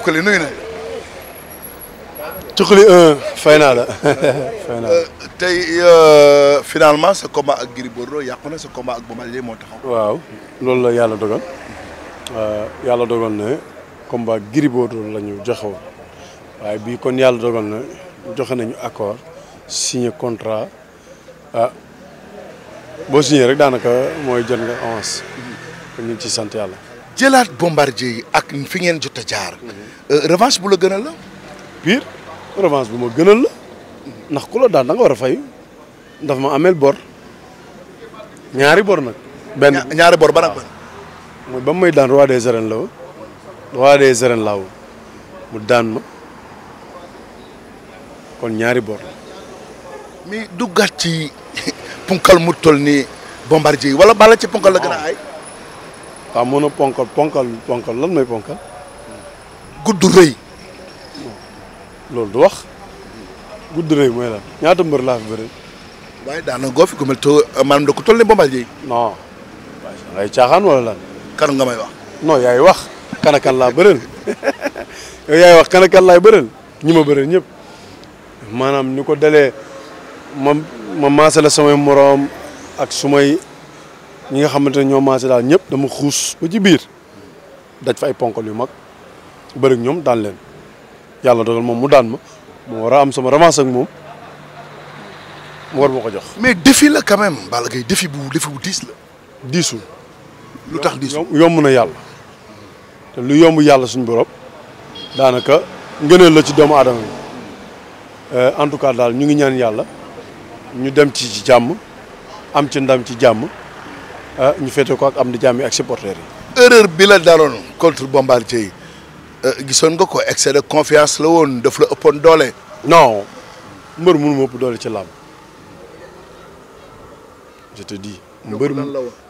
Cukkali nuyu naa la fay naa euh, euh, finalement sa combat ak Gris yàqu na sa combat ak Bombardier moo taxaw. waaw loolu la yàlla dogal euh, yàlla dogal na combat Gris Bordeaux la ñu joxewoon waaye bii kon yàlla dogal na joxe nañu accord signé contrat ah boo signé rek daanaka mooy jot nga avance. Mm-hmm. ñu ci sant yàlla. jëlaat bombardier yi ak fi ngeen jot a jaar. Mhm. Euh, revanche bu la gënal la. pire revanche bu ma gënal la ndax ku la daan da nga war a fay daf ma ameel bor ñaari bor nag. benn ñaari bor ban ak ban. mooy ba mu may daan roi des arènes la roi des arènes laaw mu daan ma kon ñaari bor la. mais du ci punkal mu toll nii bombardier yi wala bala ci punkal la gën a ay. waaw mën a ponkal ponkal ponkal lan mooy ponkal. gudd rëy. loolu du wax. gudd rëy mooy lan ñaata mbër laa fi bëri. waaye daanaka góob fi ku mel to euh, maanaam da ko toll nii Bombardier. non nga may wax. non yaay wax. kan ak kan laa bëreel yaay wax kan ak kan laay bëreel ñi ma bëreel ñëpp maanaam ni ko dalee ma ma maasale samay ak sumay ñi nga xamanteni ñoo maase dal ñëpp dama xuus ba ci biir daj fa ay ponkal yu mag bëri ñom daan leen yalla dogal mom mu daan ma mo wara am sama revanche ak mom mo war ma jox. mais défi la quand même bal gay défi bu défi bu 10 la. 10 lu tax 10 yom na yalla te lu yomb yalla suñu borop danaka ngeenel la ci doomu adam euh en tout cas dal ñu ngi ñaan yalla ñu dem ci jamm am ci ndam ci jamm Euh, ñu fété ko ak am di jàmm ak supporter yi. erreur bi la dalon contre Bombardier yi euh, nga ko excès de confiance la won def la ëppoon dole non mbeur mënu dole ci je te dis. mbeur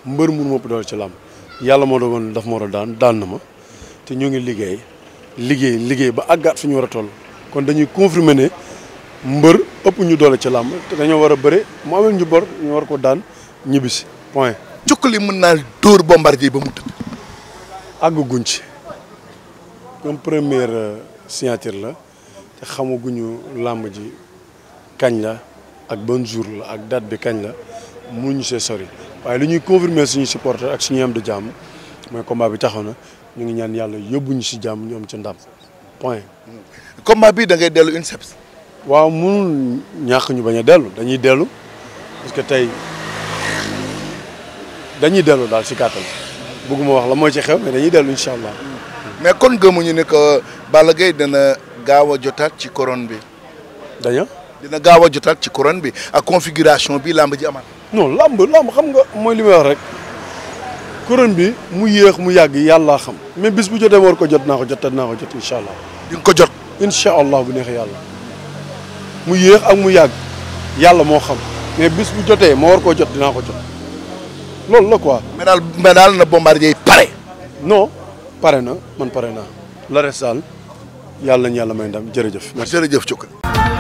mbeur mënu ma dole doole ci làmb yàlla moo doon daf mo dan dan na ma te ñu ngi liggéey liggéey liggéey ba agat fi ñu wara toll kon dañuy confirmer né mbeur ëpp ñu dole ci te ñu bor ñu war ko dan ñibisi point. li mën naa dóor bombardier ba mu tëdd. àgguñ ci ñoom première euh, signature la te xamaguñu làmb ji kañ la ak ban jour la ak date bi kañ la mënuñu see sori waaye lu ñuy confirmer suñu supporter ak suñu am de jàmm mooy combat bi taxaw na ñu ngi ñaan yàlla yóbbuñu si jàmm ñoom am ci ndam point. combat bi da dellu INSEP. waaw mënul ñàkk ñu bañ a dellu dañuy dellu parce tey. dañuy dellu daal si kàttan bëgguma wax la mooy ci xew mais dañuy dellu incha allah. mais kon gëmuñu ne que Balla Gaye dana gaaw a jotaat ci couronne bi. dañoo. dina gaaw a jotaat ci couronne bi ak configuration bi làmb ji amaat. non làmb làmb xam nga mooy li may wax rek corone bi mu yéex mu yàgg yàlla xam mais bis bu jotee war ko jot naa ko jot naa ko jot incha allah. di nga ko jot. incha bu neexee yàlla mu yéex ak mu yàgg yàlla moo xam mais bis bu jotee ma war koo jot dinaa ko jot. lool la quoi. mais daal mais daal na bombardier pare. non pare na man pare na la res daal yàlla nañu yàlla may ndam jërëjëf. merci jërëjëf Thiock.